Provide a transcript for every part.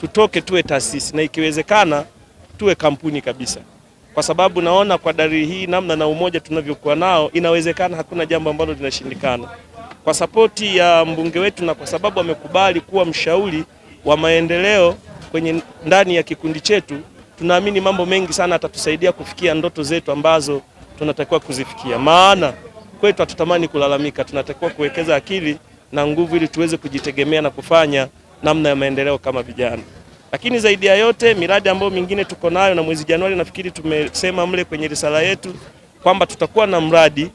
tutoke tuwe taasisi na ikiwezekana tuwe kampuni kabisa, kwa sababu naona kwa dalili hii namna na umoja tunavyokuwa nao, inawezekana hakuna jambo ambalo linashindikana. Kwa sapoti ya mbunge wetu na kwa sababu amekubali kuwa mshauri wa maendeleo kwenye ndani ya kikundi chetu, tunaamini mambo mengi sana atatusaidia kufikia ndoto zetu ambazo tunatakiwa kuzifikia. Maana kwetu hatutamani kulalamika, tunatakiwa kuwekeza akili na nguvu ili tuweze kujitegemea na kufanya namna ya maendeleo kama vijana. Lakini zaidi ya yote miradi ambayo mingine tuko nayo, na mwezi Januari nafikiri tumesema mle kwenye risala yetu kwamba tutakuwa na mradi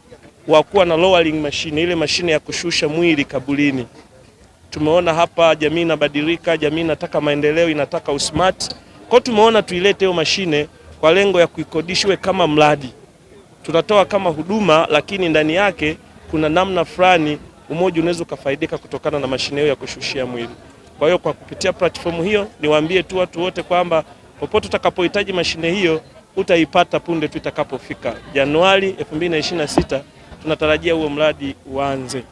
wa kuwa na lowering machine, ile mashine ya kushusha mwili kaburini. Tumeona hapa jamii inabadilika, jamii inataka maendeleo, inataka usmart. Kwa tumeona tuilete hiyo mashine kwa lengo ya kuikodishwe kama mradi, tunatoa kama huduma, lakini ndani yake kuna namna fulani umoja unaweza ukafaidika kutokana na mashine hiyo ya kushushia mwili. Kwa hiyo kwa kupitia platform hiyo, niwaambie tu watu wote kwamba popote utakapohitaji mashine hiyo utaipata punde tu itakapofika. Januari 2026 tunatarajia huo mradi uanze.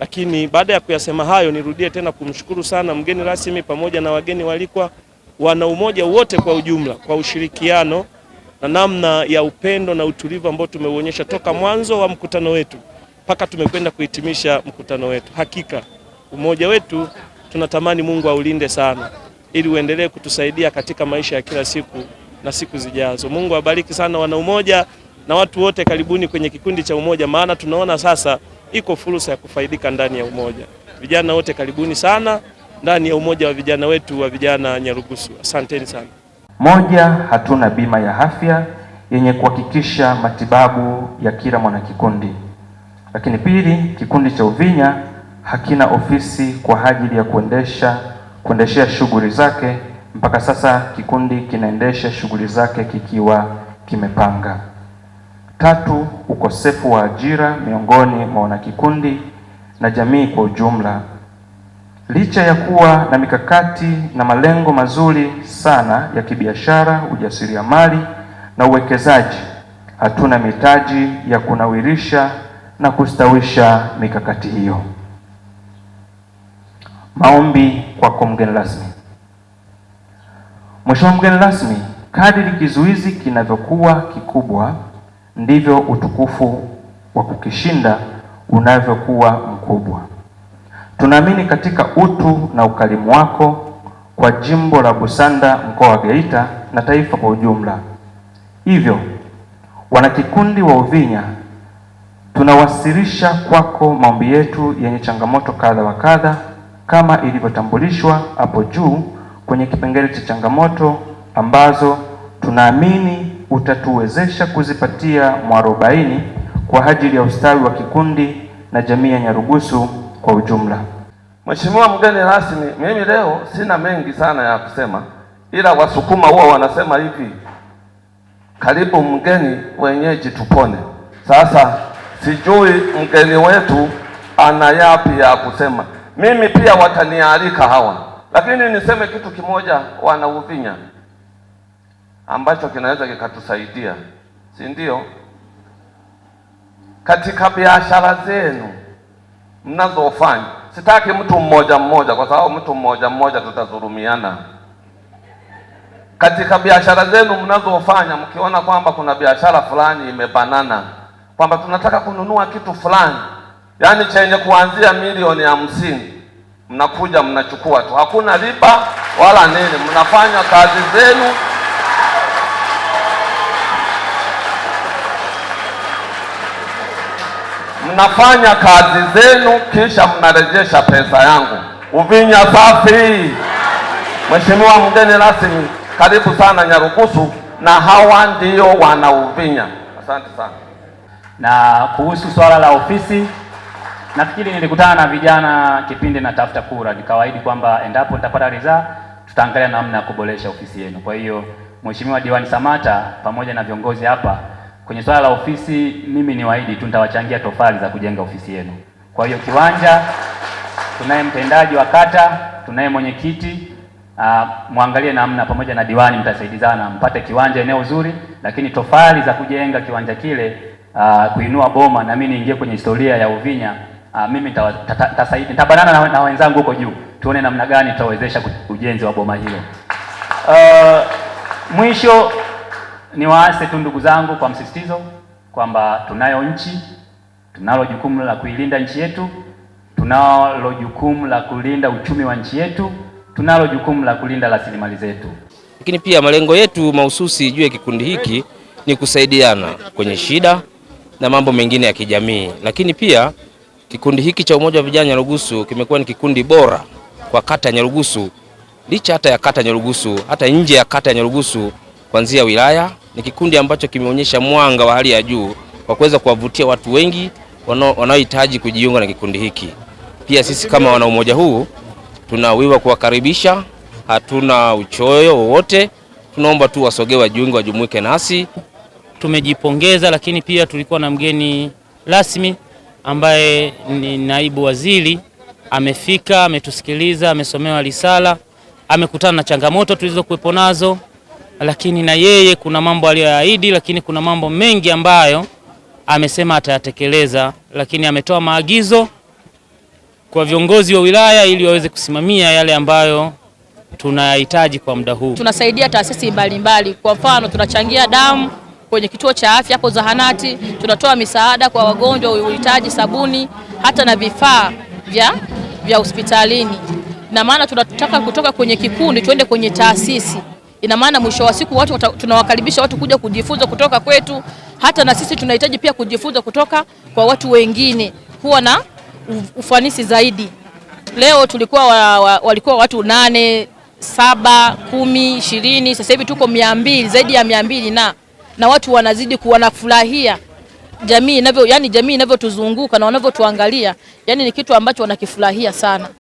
Lakini baada ya kuyasema hayo, nirudie tena kumshukuru sana mgeni rasmi pamoja na wageni walikwa, wana umoja wote kwa ujumla, kwa ushirikiano na namna ya upendo na utulivu ambao tumeuonyesha toka mwanzo wa mkutano wetu mpaka tumekwenda kuhitimisha mkutano wetu. Hakika umoja wetu tunatamani Mungu aulinde sana, ili uendelee kutusaidia katika maisha ya kila siku na siku zijazo. Mungu abariki sana wana Umoja na watu wote, karibuni kwenye kikundi cha Umoja, maana tunaona sasa iko fursa ya kufaidika ndani ya Umoja. Vijana wote karibuni sana ndani ya Umoja wa vijana wetu wa vijana Nyarugusu. Asanteni sana. Moja, hatuna bima ya afya yenye kuhakikisha matibabu ya kila mwanakikundi, lakini pili, kikundi cha Uvinya hakina ofisi kwa ajili ya kuendesha kuendeshea shughuli zake. Mpaka sasa kikundi kinaendesha shughuli zake kikiwa kimepanga. Tatu, ukosefu wa ajira miongoni mwa wanakikundi na jamii kwa ujumla. Licha ya kuwa na mikakati na malengo mazuri sana ya kibiashara, ujasiriamali na uwekezaji, hatuna mitaji ya kunawirisha na kustawisha mikakati hiyo. Maombi kwako mgeni rasmi. Mheshimiwa mgeni rasmi, kadiri kizuizi kinavyokuwa kikubwa ndivyo utukufu wa kukishinda unavyokuwa mkubwa. Tunaamini katika utu na ukarimu wako kwa jimbo la Busanda, mkoa wa Geita na taifa kwa ujumla. Hivyo wanakikundi wa Uvinya tunawasilisha kwako maombi yetu yenye changamoto kadha wa kadha kama ilivyotambulishwa hapo juu kwenye kipengele cha changamoto ambazo tunaamini utatuwezesha kuzipatia mwarobaini kwa ajili ya ustawi wa kikundi na jamii ya Nyarugusu kwa ujumla. Mheshimiwa mgeni rasmi, mimi leo sina mengi sana ya kusema, ila Wasukuma huwa wanasema hivi, karibu mgeni wenyeji tupone. Sasa sijui mgeni wetu ana yapi ya kusema mimi pia watanialika hawa, lakini niseme kitu kimoja, wana Uvinya, ambacho kinaweza kikatusaidia, si ndio? Katika biashara zenu mnazofanya, sitaki mtu mmoja mmoja, kwa sababu mtu mmoja mmoja tutadhulumiana. Katika biashara zenu mnazofanya, mkiona kwamba kuna biashara fulani imebanana, kwamba tunataka kununua kitu fulani yaani chenye kuanzia milioni hamsini mnakuja mnachukua tu, hakuna riba wala nini, mnafanya kazi zenu mnafanya kazi zenu, kisha mnarejesha pesa yangu. Uvinya safi. Mheshimiwa mgeni rasmi, karibu sana Nyarugusu, na hawa ndio wana Uvinya. Asante sana. Na kuhusu swala la ofisi nafikiri nilikutana na vijana kipindi na tafuta kura, nikawaahidi kwamba endapo nitapata ridhaa, tutaangalia namna ya kuboresha ofisi yenu. Kwa hiyo Mheshimiwa Diwani Samata pamoja na viongozi hapa, kwenye swala la ofisi, mimi niwaahidi tu nitawachangia tofali za kujenga ofisi yenu. Kwa hiyo kiwanja, tunaye mtendaji wa kata, tunaye mwenyekiti Uh, mwangalie namna pamoja na diwani mtasaidizana mpate kiwanja eneo zuri, lakini tofali za kujenga kiwanja kile, uh, kuinua boma, na mimi niingie kwenye historia ya Uvinya Ah, mimi nitasaidia, nitabanana na, na wenzangu huko juu tuone namna gani tutawezesha ujenzi wa boma hilo. Uh, mwisho ni waase tu ndugu zangu kwa msisitizo kwamba tunayo nchi, tunalo jukumu la kuilinda nchi yetu, tunalo jukumu la kulinda uchumi wa nchi yetu, tunalo jukumu la kulinda rasilimali zetu. Lakini pia malengo yetu mahususi juu ya kikundi hiki ni kusaidiana kwenye shida na mambo mengine ya kijamii, lakini pia Kikundi hiki cha Umoja wa Vijana Nyarugusu kimekuwa ni kikundi bora kwa kata ya Nyarugusu, licha hata ya kata ya Nyarugusu, hata nje ya kata ya Nyarugusu, kuanzia wilaya. Ni kikundi ambacho kimeonyesha mwanga wa hali ya juu kwa kuweza kuwavutia watu wengi wanaohitaji kujiunga na kikundi hiki. Pia sisi kama wana umoja huu tunawiwa kuwakaribisha, hatuna uchoyo wowote, tunaomba tu wasogee, wajiunge, wajumuike nasi. Tumejipongeza, lakini pia tulikuwa na mgeni rasmi ambaye ni naibu waziri amefika, ametusikiliza, amesomewa risala, amekutana na changamoto tulizokuwepo nazo, lakini na yeye kuna mambo aliyoyaahidi, lakini kuna mambo mengi ambayo amesema atayatekeleza, lakini ametoa maagizo kwa viongozi wa wilaya ili waweze kusimamia yale ambayo tunayahitaji kwa muda huu. Tunasaidia taasisi mbalimbali, kwa mfano tunachangia damu kwenye kituo cha afya hapo zahanati, tunatoa misaada kwa wagonjwa uhitaji sabuni, hata na vifaa vya vya hospitalini. Na maana tunataka kutoka kwenye kikundi tuende kwenye taasisi. Ina maana mwisho wa siku watu tunawakaribisha watu kuja kujifunza kutoka kwetu, hata na sisi tunahitaji pia kujifunza kutoka kwa watu wengine, kuwa na ufanisi zaidi. Leo tulikuwa wa, wa, walikuwa watu nane, saba, kumi, ishirini, sasa hivi tuko mia mbili, zaidi ya mia mbili na na watu wanazidi kuwanafurahia jamii inavyo, yani jamii inavyotuzunguka na wanavyotuangalia, yani ni kitu ambacho wanakifurahia sana.